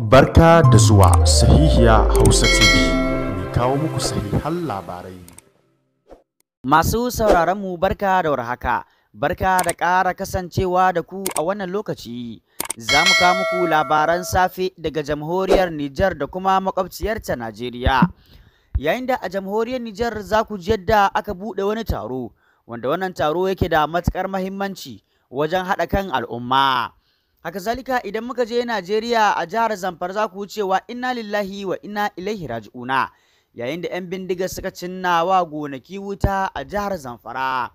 Barka da zuwa sahihiya Hausa TV, mai kawo muku sahihan labarai. Masu sauraronmu barka da warhaka, barka da ƙara kasancewa da ku a wannan lokaci. Za mu kawo muku labaran safe daga jamhuriyar Nijar da kuma makwabciyarta Najeriya. Yayin da a jamhuriyar Nijar za ku ji yadda aka buɗe wani taro, wanda wannan taro yake da matuƙar muhimmanci wajen haɗa kan al'umma. A kazalika idan muka je Najeriya a jihar Zamfara za ku cewa inna lillahi wa inna ilaihi raji'una yayin da 'yan bindiga suka cinna wa gonaki wuta a jihar Zamfara.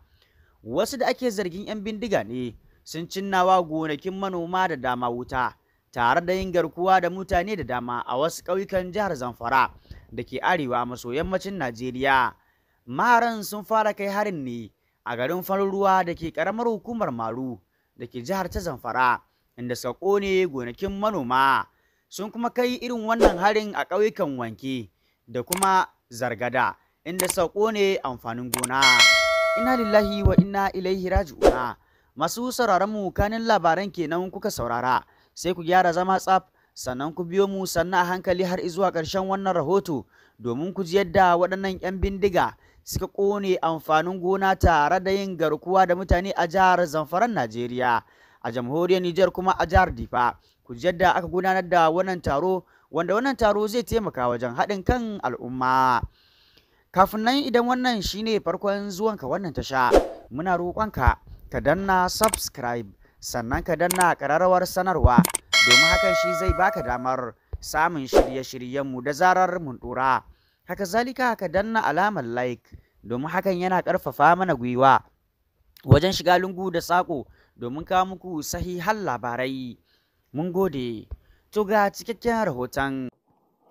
Wasu da ake zargin 'yan bindiga ne sun cinna wa gonakin manoma da dama wuta tare da yin garkuwa da mutane da dama a wasu ƙauyukan jihar Zamfara da ke arewa maso yammacin Najeriya. Maharan sun fara kai harin ne a garin farin ruwa da ke ƙaramar hukumar Maru da ke jihar ta Zamfara. inda sako ne gonakin manoma sun kuma kai irin wannan harin a ƙauyukan wanke da kuma zargada inda sako ne amfanin gona Ina lillahi wa inna ilaihi raji'una masu sauraron mu kanin labaran kenan kuka saurara sai ku gyara zama tsaf sannan ku biyo mu sannan a hankali har zuwa ƙarshen wannan rahoto domin ku ji yadda waɗannan 'yan bindiga suka ƙone amfanin gona tare da yin garkuwa da mutane a jihar zamfaran najeriya a jamhuriyar Nijar kuma a jihar Difa. Ku yadda aka gudanar da wannan taro wanda wannan taro zai taimaka wajen haɗin kan al'umma. Kafin nan idan wannan shine farkon zuwanka wannan tasha muna roƙonka ka danna subscribe sannan ka danna ƙararrawar sanarwa domin hakan shi zai baka damar samun shirye-shiryenmu da zarar mun ɗora. Haka zalika ka danna alamar like domin hakan yana ƙarfafa mana gwiwa wajen shiga lungu da saƙo domin kawo muku sahihan labarai. Mun gode, to ga cikakken rahoton.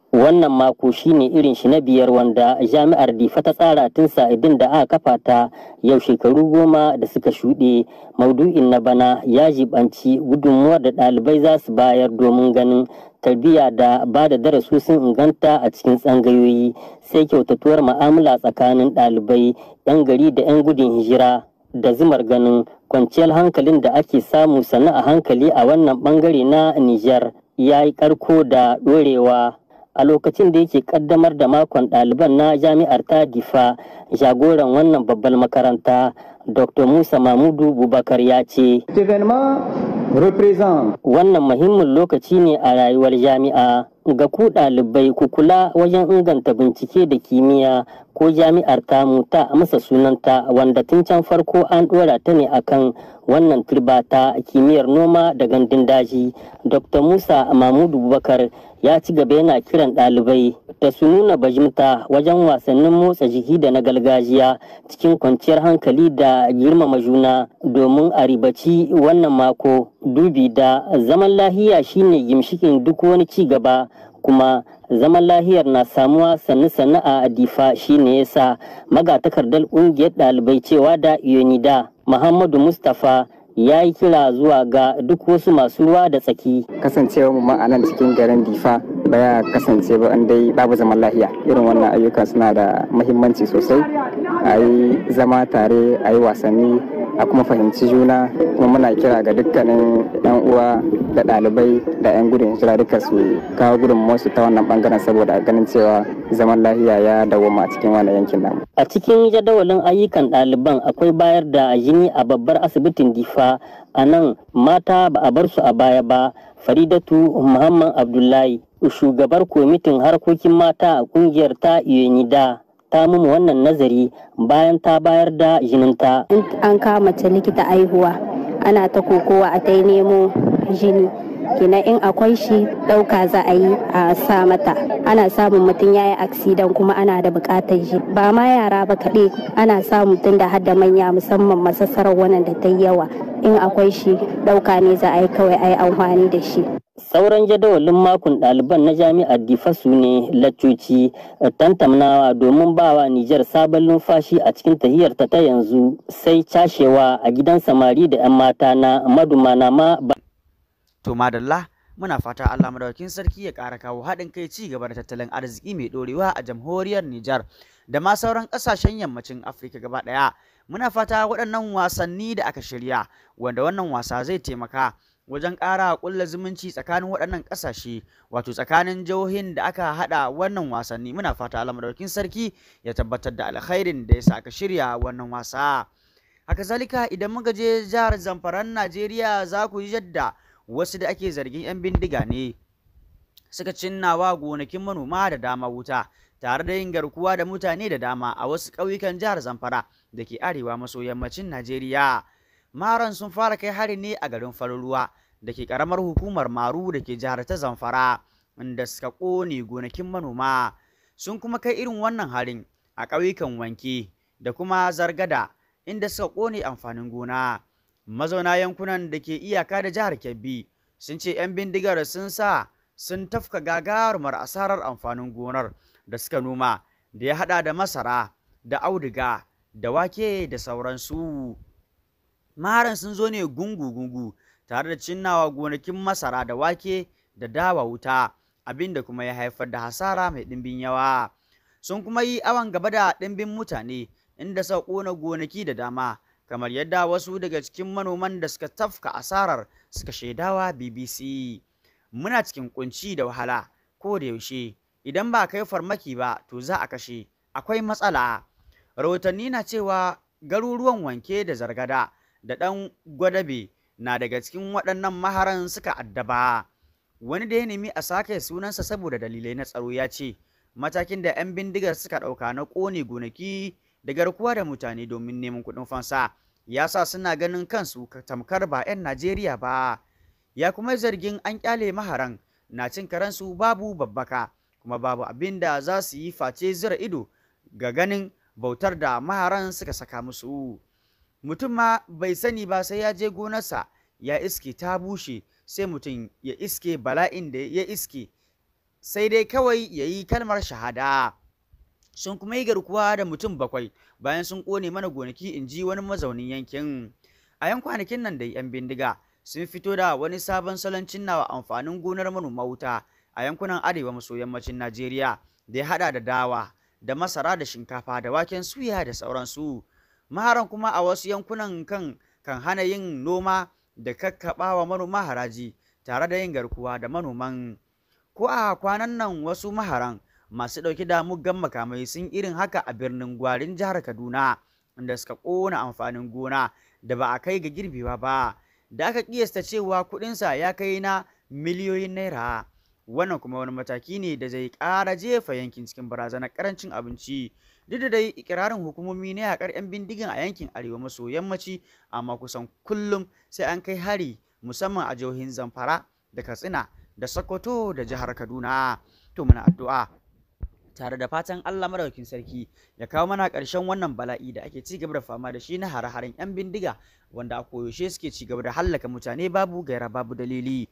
Wannan mako shine irin shi na biyar wanda jami'ar Difa ta tsara tun sa'idin da aka kafa ta yau shekaru goma da suka shuɗe. Maudu'in na bana ya jibanci gudunmuwar da ɗalibai za su bayar domin ganin tarbiyya da ba da darasu sun inganta a cikin tsangayoyi sai kyautatuwar ma'amala tsakanin ɗalibai 'yan gari da 'yan gudun hijira. da zumar ganin kwanciyar hankalin da ake samu sana a hankali a wannan bangare na Nijar ya yi karko da ɗorewa. A lokacin da yake kaddamar da makon ɗaliban na jami'ar ta difa jagoran wannan babbar makaranta Dr. Musa Mamudu Bubakar ya ce. Wannan muhimmin lokaci ne a rayuwar jami'a ga ku ɗalibai ku kula wajen inganta bincike da kimiyya ko jami'ar ta tamu a masa sunanta wanda tun can farko an ɗora ta ne akan wannan turba ta kimiyyar noma da gandun daji. Dr. Musa Mahmudu Bubakar ya ci gaba yana kiran ɗalibai da su nuna bajimta wajen wasannin motsa jiki da na gargajiya cikin kwanciyar hankali da girmama juna domin a ribaci wannan mako dubi da zaman lahiya shine gimshikin duk wani ci gaba kuma zaman lahiyar na samuwa sannu sannu a adifa shine yasa magatakardar ƙungiyar ɗalibai cewa da da muhammadu mustapha ya yi kira zuwa ga duk wasu masu ruwa da tsaki. Kasancewa mu ma cikin garin Difa ba ya kasance ba dai babu zaman lahiya irin wannan ayyuka suna da mahimmanci sosai a yi zama tare a yi wasanni a kuma fahimci juna kuma muna kira ga dukkanin yan uwa da ɗalibai da yan gudun hijira duka su kawo gudun su ta wannan bangaren saboda ganin cewa zaman lafiya ya dawoma a cikin wannan yankin namu. A cikin jadawalin ayyukan ɗaliban akwai bayar da jini a babbar asibitin Difa a nan mata ba a bar su a baya ba Faridatu Muhammad Abdullahi shugabar kwamitin harkokin mata a kungiyar ta Iyonida ta mumu wannan nazari bayan ta bayar da jininta. An kama mace likita aihuwa ana ta kokowa a ta nemo jini. kina in akwai shi ɗauka za a yi a sa mata ana samun mutum ya yi aksidan kuma ana da buƙatar shi ba ma yara ba kaɗai ana samun mutum da hadda manya musamman masassarar wannan da ta yawa in akwai shi ɗauka ne za a yi kawai a yi amfani da shi sauran jadawalin makon ɗaliban na jami'ar difasu ne laccoci eh, tantamnawa domin bawa nijar sabon numfashi a cikin tahiyar ta ta yanzu sai cashewa a gidan samari da 'yan mata na madumana ma ba to madalla muna fata allah madaukin sarki ya ƙara kawo haɗin kai ci gaba da tattalin arziki mai ɗorewa a jamhuriyar nijar da ma sauran ƙasashen yammacin afirka gaba ɗaya muna fata waɗannan wasanni da aka shirya wanda wannan wasa zai taimaka wajen ƙara ƙulla zumunci tsakanin waɗannan ƙasashe wato tsakanin jihohin da aka haɗa wannan wasanni muna fata alamadaukin sarki ya tabbatar da alkhairin da ya sa aka shirya wannan wasa haka zalika idan muka je jihar zamfaran najeriya za ku yi yadda wasu da ake zargin 'yan bindiga ne suka wa gonakin manoma da dama wuta tare da yin garkuwa da mutane da dama a wasu ƙauyukan jihar zamfara da ke arewa maso yammacin najeriya maran sun fara kai hari ne a garin faruruwa da ke karamar hukumar maru da ke jihar ta zamfara inda suka kone gonakin manoma sun kuma kai irin wannan harin a ƙauyukan wanke da kuma zargada inda suka kone amfanin gona mazauna yankunan da ke iyaka da jihar kebbi sun ce 'yan bindigar sun sa sun tafka gagarumar asarar amfanin gonar da suka noma da ya haɗa da masara da auduga da wake da sauransu maharan sun zo ne gungu-gungu tare da cinnawa gonakin masara da wake da dawa wuta abinda kuma ya haifar da hasara mai ɗimbin yawa sun kuma yi awan gaba da ɗimbin mutane inda suka ƙona gonaki da dama kamar yadda wasu daga cikin manoman da suka tafka asarar suka shaidawa bbc muna cikin kunci da wahala ko da yaushe idan ba kai farmaki ba to za a kashe akwai matsala rahotanni na cewa garuruwan wanke da zargada da ɗan gwadabe na daga cikin waɗannan maharan suka addaba wani da ya nemi a sake sunansa saboda dalilai na tsaro ya ce matakin da 'yan bindigar suka ɗauka na ƙone gonaki da garkuwa da mutane domin neman kuɗin fansa ya sa suna ganin kansu tamkar ba 'yan najeriya ba ya kuma zargin an ƙyale maharan na cin karansu babu babbaka kuma babu abin da za su yi face zira ido ga ganin bautar da maharan suka saka musu mutum ma bai sani ba sai ya je gonarsa ya iske ta bushe sai mutum ya iske bala'in da ya iske sai dai kawai ya yi kalmar shahada sun kuma yi garkuwa da mutum bakwai bayan sun kone mana gonaki in ji wani mazaunin yankin a yan kwanakin nan da yan bindiga sun fito da wani sabon salon cinnawa amfanin gonar manoma wuta a yankunan arewa maso yammacin najeriya da ya hada da dawa da masara da shinkafa da waken suya da sauransu maharan kuma a wasu yankunan kan kan hana yin noma da kakkaɓa wa manoma haraji tare da yin garkuwa da manoman ko a kwanan nan wasu maharan masu ɗauke da muggan makamai sun irin haka a birnin gwarin jihar kaduna da suka ƙona amfanin gona da ba a kai ga girbewa ba da aka ƙiyasta cewa kuɗinsa ya kai na miliyoyin naira wannan kuma wani mataki ne da zai ƙara jefa yankin cikin barazanar ƙarancin abinci duk da dai ikirarin hukumomi na yakar 'yan bindigan a yankin arewa maso yammaci amma kusan kullum sai an kai hari musamman a jihohin zamfara da katsina da sokoto da jihar kaduna to muna addu'a tare da fatan Allah madaukakin sarki ya kawo mana ƙarshen wannan bala'i da ake ci gaba da fama da shi na hare-haren 'yan bindiga wanda a koyaushe suke ci gaba da hallaka mutane babu gaira babu dalili.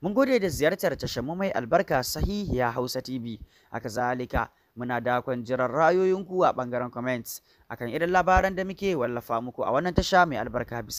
Mun gode da ziyartar tashar mai albarka sahihiya Hausa TV, haka zalika muna dakon jiran ra'ayoyinku a ɓangaren comments akan irin labaran da muke wallafa muku a wannan tasha mai albarka bisa